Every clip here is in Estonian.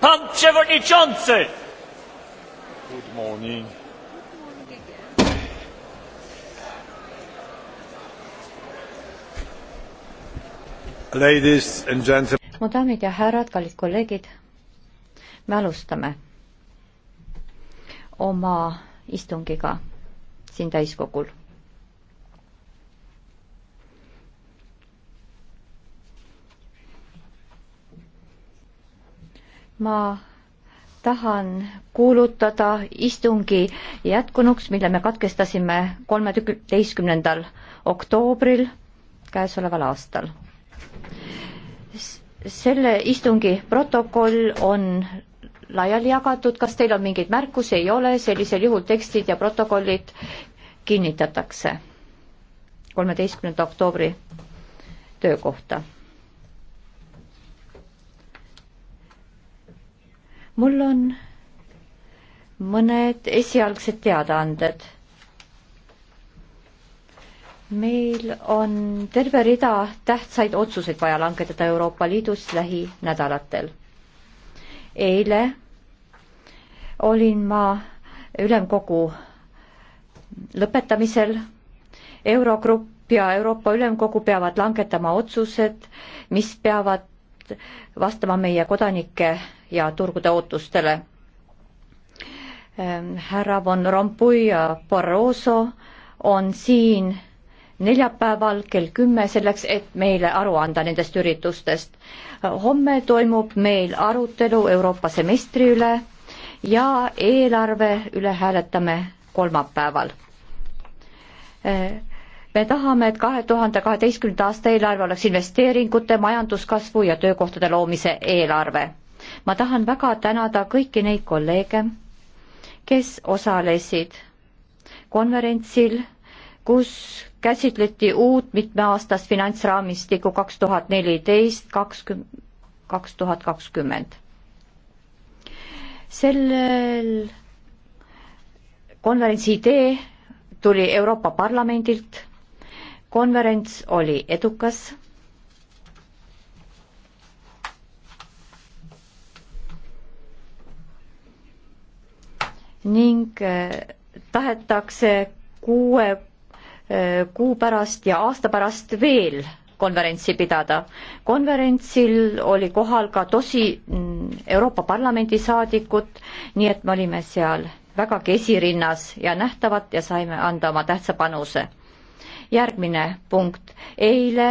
Pan Przewodniczący! Good morning. Ladies and gentlemen. mu daamid ja härrad, kallid kolleegid, me alustame oma istungiga siin täiskogul ma tahan kuulutada istungi jätkunuks, mille me katkestasime kolmeteistkümnendal oktoobril käesoleval aastal. selle istungi protokoll on laiali jagatud, kas teil on mingeid märkusi, ei ole, sellisel juhul tekstid ja protokollid kinnitatakse kolmeteistkümnenda oktoobri töö kohta mul on mõned esialgsed teadaanded. meil on terve rida tähtsaid otsuseid vaja langetada Euroopa Liidus lähinädalatel. eile olin ma ülemkogu lõpetamisel Eurogrupp ja Euroopa Ülemkogu peavad langetama otsused, mis peavad peavad vastama meie kodanike ja turgude ootustele. Ähm, härra Von Rompuy ja Barroso on siin neljapäeval kell kümme selleks, et meile aru anda nendest üritustest. homme toimub meil arutelu Euroopa semestri üle ja eelarve üle hääletame kolmapäeval äh, me tahame, et kahe tuhande kaheteistkümnenda aasta eelarve oleks investeeringute, majanduskasvu ja töökohtade loomise eelarve. ma tahan väga tänada kõiki neid kolleege, kes osalesid konverentsil, kus käsitleti uut mitmeaastast finantsraamistikku kaks tuhat neliteist, kakskümmend, kaks tuhat kakskümmend. sellel konverentsi idee tuli Euroopa Parlamendilt konverents oli edukas. ning äh, tahetakse kuue äh, kuu pärast ja aasta pärast veel konverentsi pidada. konverentsil oli kohal ka tosi mm, Euroopa Parlamendi saadikud, nii et me olime seal vägagi esirinnas ja nähtavad ja saime anda oma tähtsa panuse järgmine punkt. eile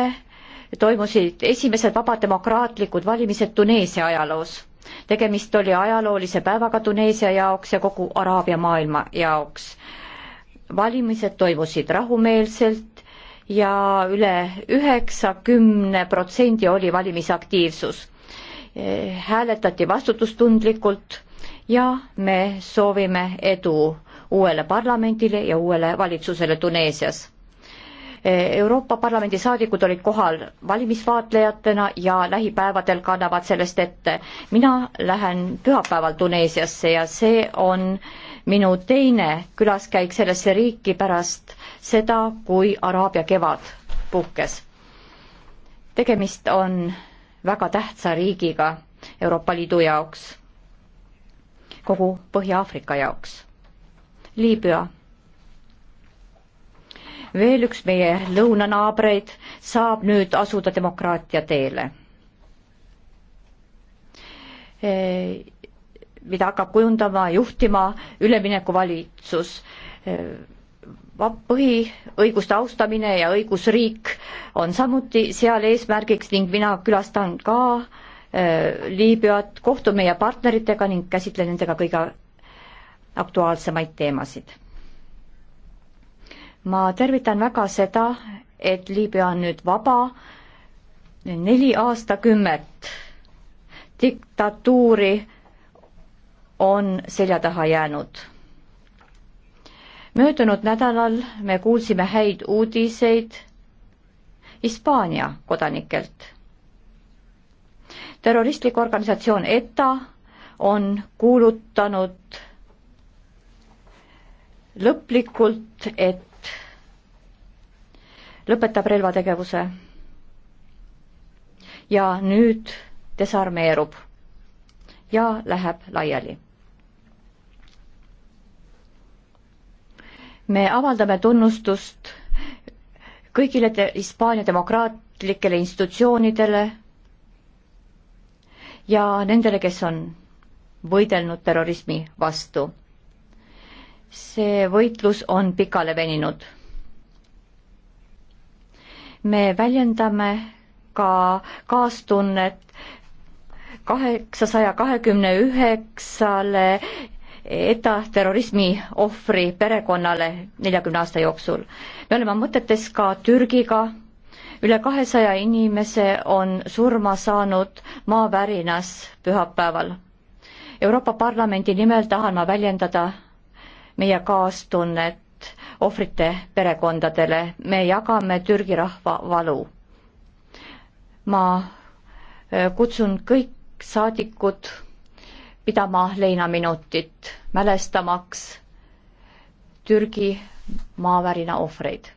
toimusid esimesed vabademokraatlikud valimised Tuneesia ajaloos. tegemist oli ajaloolise päevaga Tuneesia jaoks ja kogu Araabia maailma jaoks. valimised toimusid rahumeelselt ja üle üheksakümne protsendi oli valimisaktiivsus. hääletati vastutustundlikult ja me soovime edu uuele parlamendile ja uuele valitsusele Tuneesias Euroopa Parlamendi saadikud olid kohal valimisvaatlejatena ja lähipäevadel kannavad sellest ette. mina lähen pühapäeval Tuneesiasse ja see on minu teine külaskäik sellesse riiki pärast seda, kui Araabia kevad puhkes. tegemist on väga tähtsa riigiga Euroopa Liidu jaoks, kogu Põhja-Aafrika jaoks. Liibüa veel üks meie lõunanaabreid saab nüüd asuda demokraatia teele, e, mida hakkab kujundama, juhtima üleminekuvalitsus. E, põhiõiguste austamine ja õigusriik on samuti seal eesmärgiks ning mina külastan ka e, Liibüat, kohtun meie partneritega ning käsitlen nendega kõige aktuaalsemaid teemasid ma tervitan väga seda, et Liibüa on nüüd vaba neli aastakümmet diktatuuri on selja taha jäänud. möödunud nädalal me kuulsime häid uudiseid Hispaania kodanikelt. terroristlik organisatsioon ETA on kuulutanud lõplikult, et lõpetab relvategevuse ja nüüd desarmeerub ja läheb laiali. me avaldame tunnustust kõigile te Hispaania demokraatlikele institutsioonidele ja nendele, kes on võidelnud terrorismi vastu. see võitlus on pikale veninud me väljendame ka kaastunnet kaheksasaja kahekümne üheksale ETA terrorismi ohvri perekonnale neljakümne aasta jooksul. me oleme mõtetes ka Türgiga, üle kahesaja inimese on surma saanud maavärinas pühapäeval. Euroopa Parlamendi nimel tahan ma väljendada meie kaastunnet toetust ohvrite perekondadele, me jagame Türgi rahva valu. ma äh, kutsun kõik saadikud pidama leinaminutit, mälestamaks Türgi maavärina ohvreid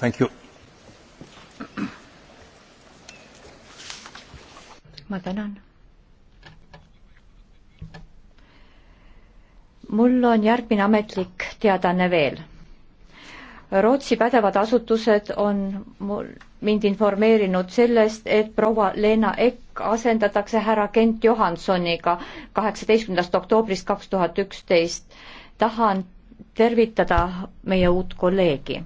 ma tänan. mul on järgmine ametlik teadaanne veel. Rootsi pädevad asutused on mul, mind informeerinud sellest, et proua Leena Ekk asendatakse härra Kent Johansoniga kaheksateistkümnendast oktoobrist kaks tuhat üksteist. tahan tervitada meie uut kolleegi